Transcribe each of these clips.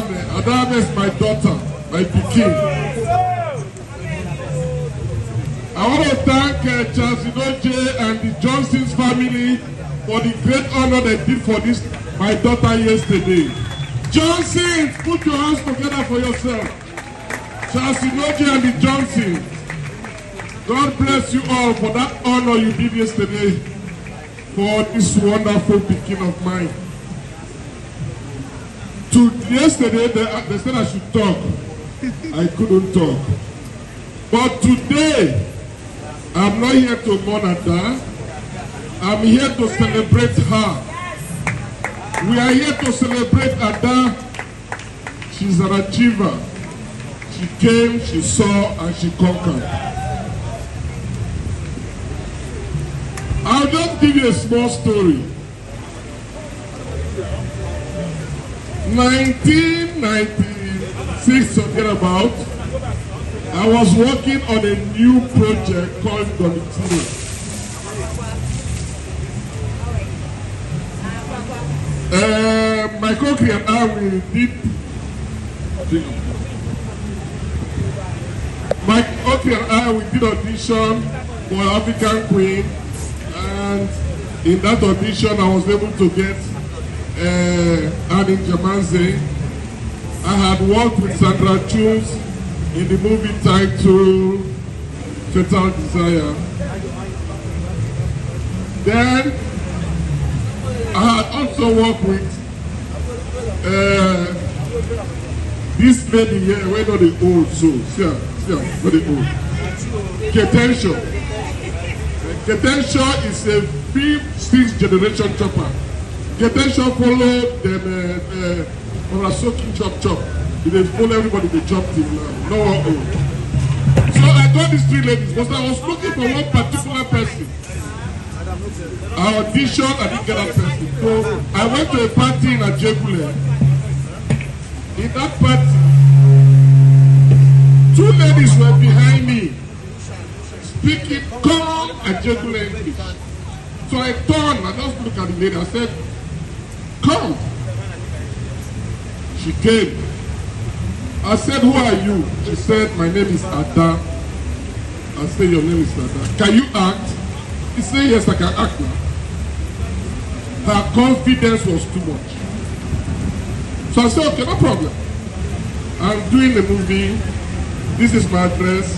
Adame. Adame is my daughter, my pikin. I want to thank uh, Charles Inoje and the Johnson's family for the great honor they did for this my daughter yesterday. Johnsons, put your hands together for yourself. Charles Inoje and the Johnsons, God bless you all for that honor you did yesterday for this wonderful pikin of mine. To yesterday, they, they said I should talk. I couldn't talk. But today, I'm not here to mourn Ada. I'm here to celebrate her. We are here to celebrate Ada. She's an achiever. She came, she saw, and she conquered. I'll just give you a small story. 1996 something about. I was working on a new project called Domitilia. Uh, my country and I, we did my country and I, we did audition for African Queen and in that audition I was able to get uh, Annie Jamanze. I had worked with Sandra Toombs in the movie titled Fatal Desire. Then I had also worked with uh, this lady here, where not the old soul. Yeah, yeah, see the old. Ketensha. Ketensha is a fifth, sixth generation chopper. The detention follow dem uh, uh, orasoki chop chop e dey follow everybody dey chop till uh, now no one old so i got these three ladies but i was looking for one particular person i audition i didn't get that person so i went to a party in ajegule in that party two ladies were behind me speaking calm ajegule english so i turned i just looked at the lady i said. Come. She came. I said, who are you? She said, my name is Ada. I said, your name is Ada. Can you act? He said, yes, I can act now. Her confidence was too much. So I said, okay, no problem. I'm doing the movie. This is my address.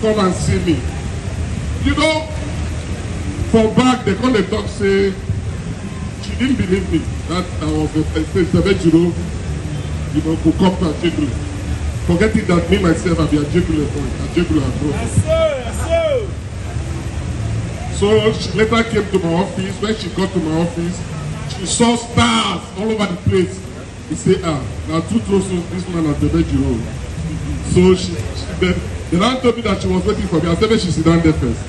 Come and see me. You know, from back, they call the talk, say, she didn't believe me. that of Isabejuro, you know, could come to Ajegule. Forgetting that me myself, I'll be Ajegule for Ajegule and Rome. Yes, sir, yes, sir. So she later came to my office. When she got to my office, she saw stars all over the place. He said, ah, now two trousers, this man at Ajegule. So she, she then, the man told me that she was waiting for me. I said, let she sit down there first.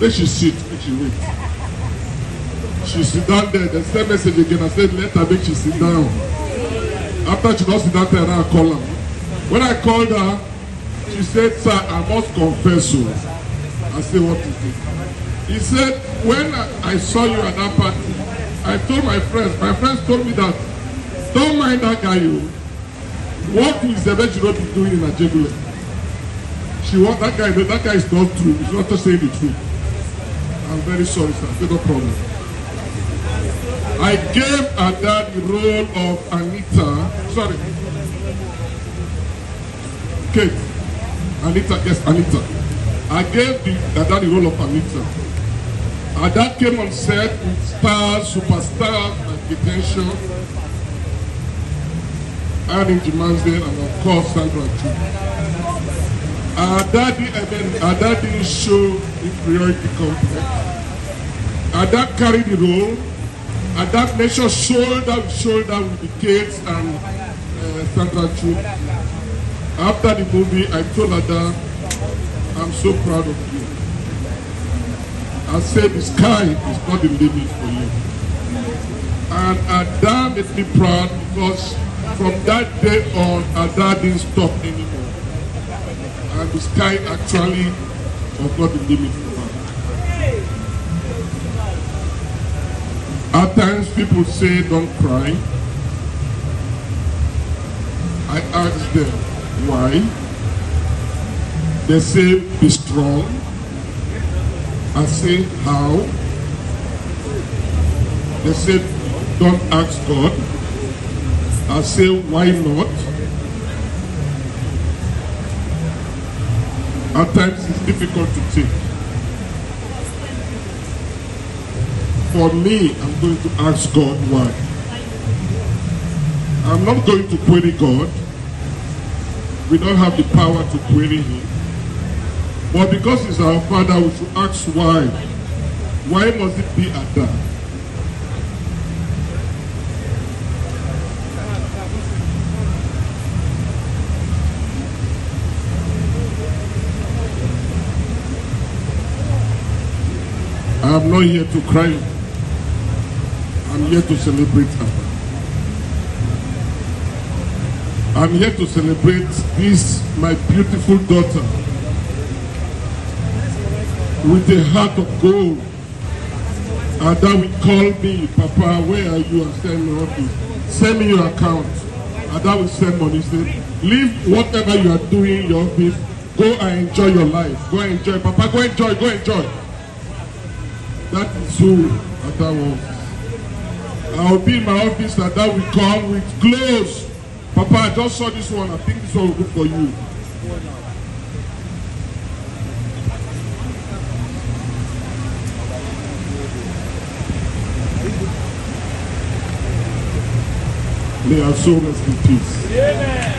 Then she sit, then she wait she sit down there dem send message again i say let her make she sit down after she don sit down there i call am when i call her she said, sir i must confess o i say what is it he said when i, I saw you at that party i told my friends my friends told me that don't mind that guy o what is ebejiro be doing in ajegule she want that guy that guy is not true he's not just saying the truth i'm very sorry sir i say no problem I gave Ada the role of Anita. Sorry. Kate. Anita, yes, Anita. I gave the, Ada the role of Anita. Ada came on set with stars, superstars, potential, Detention, Annie Jimansdale, and of course, Sandra Chu. Ada, did, Ada showed show inferiority complex. Ada carried the role. And that nation shoulder to shoulder with the kids and uh, Santa Troop. After the movie, I told her I'm so proud of you. I said the sky is not the limit for you. And Ada made me proud because from that day on, Ada didn't stop anymore. And the sky actually was not the limit Sometimes people say don't cry. I ask them why. They say be strong. I say how. They say don't ask God. I say why not. At times it's difficult to take. for me, I'm going to ask God why. I'm not going to query God. We don't have the power to query him. But because he's our father, we should ask why. Why must it be at that? I'm not here to cry. I'm here to celebrate her. I'm here to celebrate this, my beautiful daughter, with a heart of gold. And that will call me, Papa, where are you? And send me okay. Send me your account. And that will send money. Say, leave whatever you are doing in your office. Go and enjoy your life. Go and enjoy. Papa, go enjoy. Go enjoy. That is who Ada was. I'll be in my office that that will come with gloves. Papa, I just saw this one. I think this one will good for you. May our souls be in peace. Amen.